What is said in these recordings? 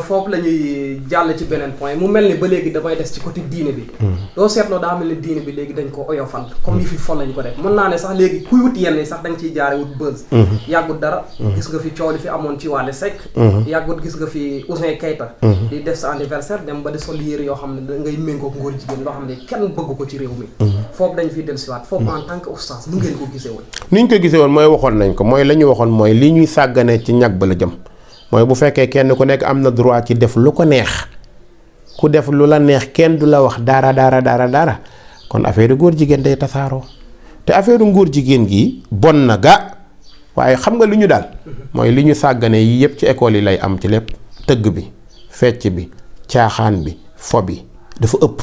foofu la jàll ci beneen point mu mel ni ba léegi damay des ci côté diine bi. doo hmm. seetloo daa mel ni diine bi léegi dañ ko oyofal. comme yi fi fol ko def mën naa ne sax léegi kuy wut sax da nga ciy jaare wut buzz. Hmm. Hmm. gis nga fi coow li fi amoon ci Wally Seck. yàggut gis nga fi Ouzin Keita. di def sa yoo xam ne da ngay méngóog loo xam ne kenn bëgg ko ci réew mi. foofu dañ fiy dellusiwaat foofu en tant que oustaz nu ngeen ko gisee woon. ni ko gisee woon mooy waxoon nañ ko mooy la ñu waxoon mooy li ñuy sàggane ci ñag ba la jëm mooy bu fekkee kenn ku nekk am na droit ci def lu ko neex ku def lu la neex kenn du la wax daara dara dara dara kon affaire góor jigéen day tasaaroo te affaire ngóor jigéen gi bon na ga waaye xam nga li ñu daal mooy li ñu sàggane yi yëpp ci école yi lay am ci lépp tëgg bi fecc bi caaxaan bi fo bi dafa ëpp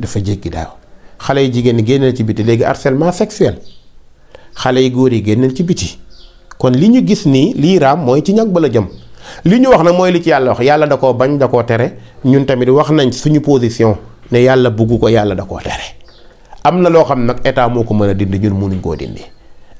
dafa jéggi daaw xale yi jigéen yi génneel ci biti léegi harcèlement sexuel xale yi góor yi génneel ci biti kon li ñu gis nii lii raam mooy ci ñag ba la jëm li ñu wax nag mooy li ci yàlla wax yàlla da koo bañ da koo tere ñun tamit wax nañ suñu position ne yàlla bugg ko yàlla da koo tere am na loo xam nag état moo ko mën a dindi ñun mënuñ koo dindi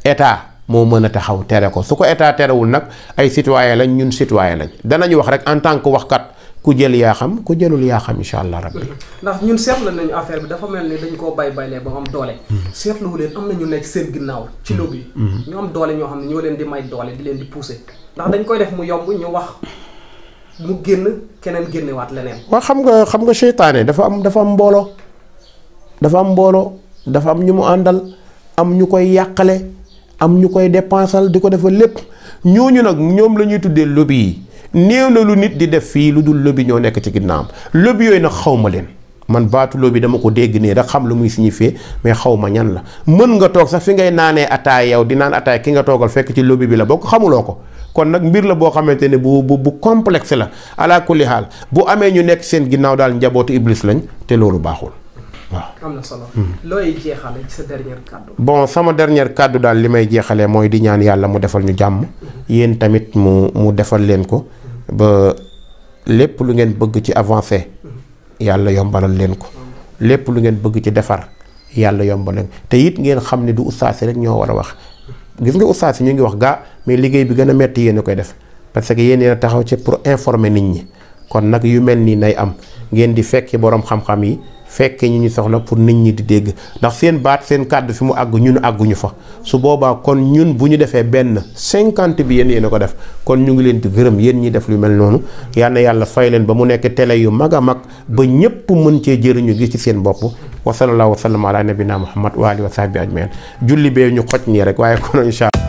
état moo mën a taxaw tere ko su ko état terewul nag ay citoyen lañ ñun citoyen lañ danañu wax rek en tant que kat ku jël yaa xam ku jëlul yaa xam incha allah rabbi ndax ñun seetlu nañu affaire bi dafa mel ni dañ koo bay baylee ba mu am doole seetlu leen am na ñu nekk seen ginnaaw ci lobby ñu am doole ñoo xam ne ñoo leen di may doole di leen di pousser ndax dañ koy def mu yomb ñu wax mu génn keneen génnewaat leneen waaw xam nga xam nga seytaane dafa am dafa am am mbooloo dafa am ñu mu àndal am ñu koy yàqale am ñu koy dépensal di ko defal lépp ñooñu nag ñoom la ñuy tuddee lobby yi néew na lu nit di def fii lu dul lobby ñoo nekk ci ginnaawam lobby yooyu nag xaw ma leen man baatu lobby dama ko dégg nii rek xam lu muy signifié mais xaw ma ñan la mën nga toog sax fi ngay naanee ataay yow di naan ataay ki nga toogal fekk ci lobby bi la bokk xamuloo ko kon nag mbir la boo xamante ne bu bu bu complexe la alaa bu amee ñu nekk seen ginnaaw daal njabootu iblis lañ te loolu baaxul. waaw am hmm. sa dernier kàddu. bon sama dernier kàddu daal li may jeexalee mooy di ñaan yàlla mu defal ñu jàmm. Hmm. yéen tamit mu mu defal leen ko. Hmm. ba lépp lu ngeen bëgg ci avancé. yàlla yombalal leen ko. lépp lu ngeen bëgg ci defar. yàlla yombal yombalal te it ngeen xam ne du ustaasi rek ñoo war a wax. gis nga ustaasi ñu ngi wax gaa mais liggéey bi gën a metti yéen a koy def parce que yéen a taxaw ci pour informer nit ñi kon nag yu mel nii nay am ngeen di fekki boroom xam-xam yi. fekke ñu ñu soxla pour nit ñi di dégg ndax seen baat seen kàddu fi mu àgg ñun àgguñu fa su boobaa kon ñun bu ñu defee benn cinquante bi yéen yéen a ko def kon ñu ngi leen di gërëm yéen ñi def lu mel noonu yal yàlla fay leen ba mu nekk télé yu mag a mag ba ñépp mën cee jëriñu gis ci seen bopp wa sallallahu wa sallam ala nabina muhammad wa alihi wa sahbi ajmain julli bee ñu xoj nii rek waaye kon incha allah